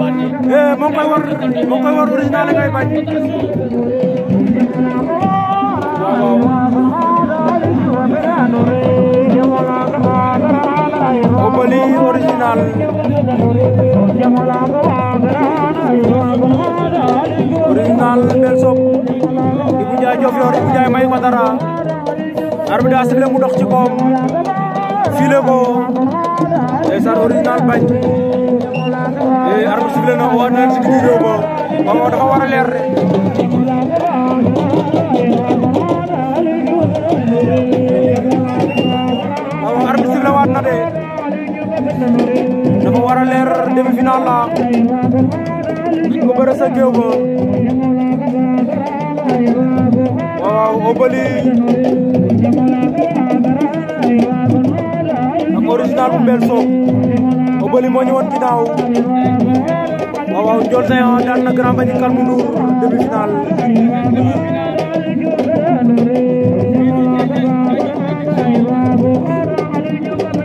Eh, moo koy war moo koy war original la ngay bañ Obeuli original original Mbel Sob Ibou Ndiaye Diofior Ibou Ndiaye may ko dara arbitre bi sifflé mu dox ci koom file ko ndeysaan original bañ génn na waa nekk ci digg réew ma waaw dafa war a leer waat na de dafa war a demi-finale la ko bëre sa géew ba waaw Obeuli ak original bu Mbel Sokh bali mo ñu won ginaaw waaw waaw jor sa yaa daan na Grand Mbagnick Calme Ndour demi-finale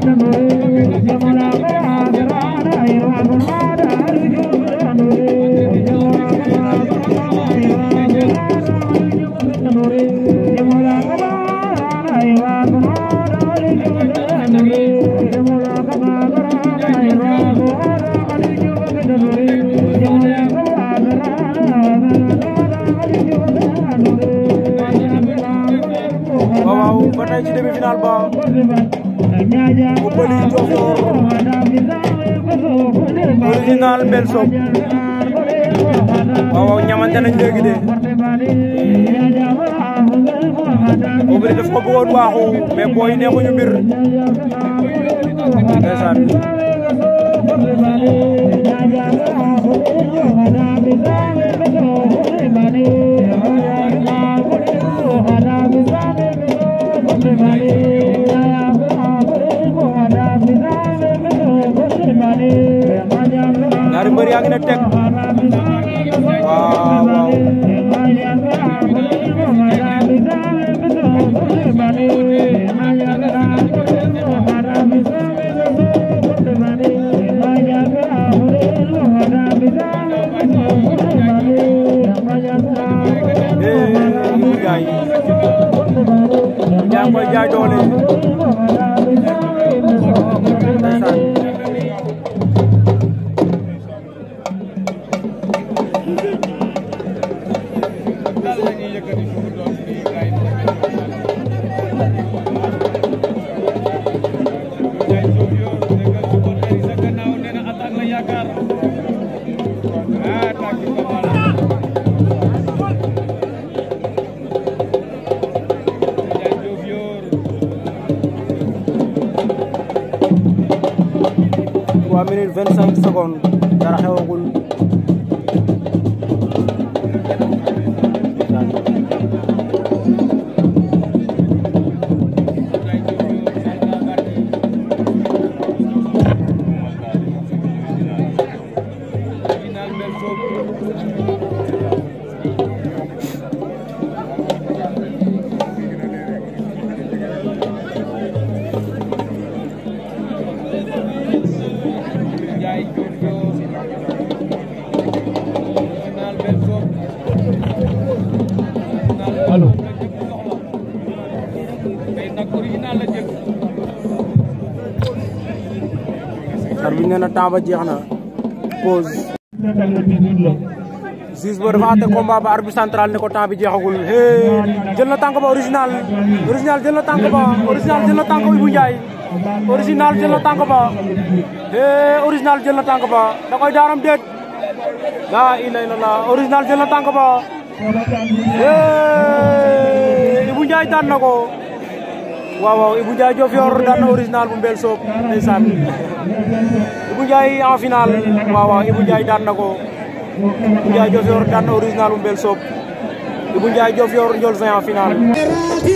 Thank you. nañ ci demi-finale ba Koumbali Diofior original Mbel Sob waaw waaw ñamante nañ léegi de Koumbali daf ko booy neexuñu mbir ndeysaan mbër yaa ngi 3 minutes 25 secondes dara xewagul ar bi na temps ba jeex na pause Ziz ba dafa àtte combat ba arbitre central ne ko temps bi jeexagul hee jël na tànk ba original original jël na tànk ba original jël na tànk bi bu njaay original jël na tànk ba hee original jël na tànk ba da koy daaram déet laa ilaha illallah original jël na tànk ba hee bu njaay daan na waaw waaw Ibou Ndiaye Diofior daan na original bu Mbel Soop ndeysaan Ibou Ndiaye en final waaw waaw daan na ko Ibou Ndiaye Diofior daan na original bu Mbel Soop Ibou Ndiaye Diofior Ndiol Saint en final